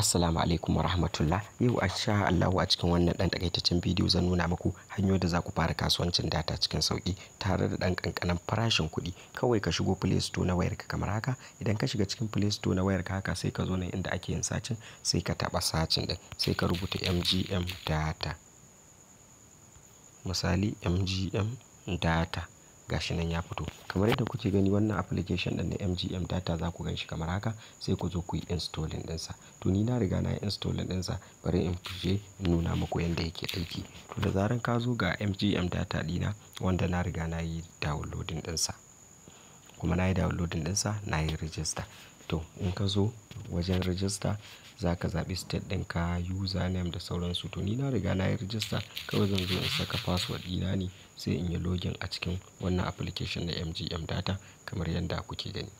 assalamu alaikum wa rahmatullah yau a sha Allahu a cikin wannan dan takaitaccen bidiyo zan nuna muku hanyoyi da za ku fara kasuwancin data cikin sauki tare da ɗan kankanan farashin kuɗi kawai ka shigo Play Store na wayarka kamar haka idan ka shiga cikin Play Store na wayarka haka sai ka zo nan inda ake yin sacin sai ka taba sacin din sai ka rubuta MGM data misali MGM data gashi nan ya fito kamar yadda kuke gani wannan application din na MGM data za ku ganshi kamar haka sai ku zo ku yi installing ɗinsa to ni na riga na yi installing ɗinsa bari in fije in nuna muku yadda yake aiki to da zaran ka zo ga MGM data dina wanda na riga na yi downloading ɗinsa kuma na yi downloading sa na yi register to in ka zo wajen register za ka zaɓi state ka username da sauransu to ni na riga na yi register kawai zan zo in saka password ɗina ne sai in yi login a cikin wannan application na mgm data kamar yadda kuke gani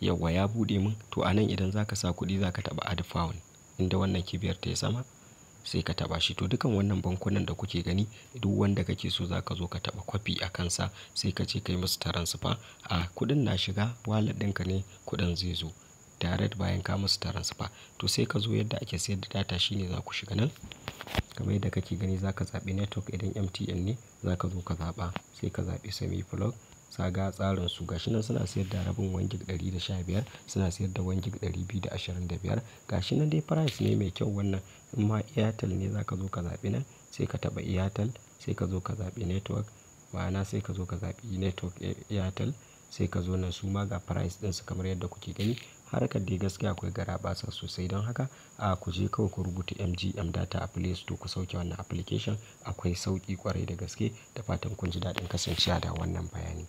yawwa ya buɗe min to a nan idan za ka sa kuɗi za ka taɓa add found inda wannan kibiyar ta yi sama sai ka taba shi to dukan wannan bankunan da kuke gani duk wanda kake so zaka zo ka taba kwafi a kansa sai ka ce kai musu transfer a kudin na shiga wallet ɗinka ne kudin zai zo direct bayan ka musu transfer to sai ka zo yadda ake sayar da data shine za ku shiga nan kamar yadda kake gani zaka zaɓi network idan MTN ne zaka zo ka zaɓa sai ka zaɓi semi plug saga tsarin su gashi nan suna sayar da rabin one gig ɗari da sha biyar, suna sayar da one gig ɗari biyu da ashirin da biyar. Gashi nan dai price ne mai kyau wannan. In ma Airtel ne za ka zo ka zaɓi nan sai ka taɓa Airtel, sai ka zo ka zaɓi network. Ma'ana sai ka zo ka zaɓi network eh, Airtel. sai ka zo nan su ma ga price ɗinsu kamar yadda kuke gani harkar dai gaskiya akwai garaɓasa sosai don haka a ku je kawai ku rubuta mgm data a play store ku sauke wannan application akwai sauƙi kwarai da gaske da fatan kun ji daɗin kasancewa da wannan bayani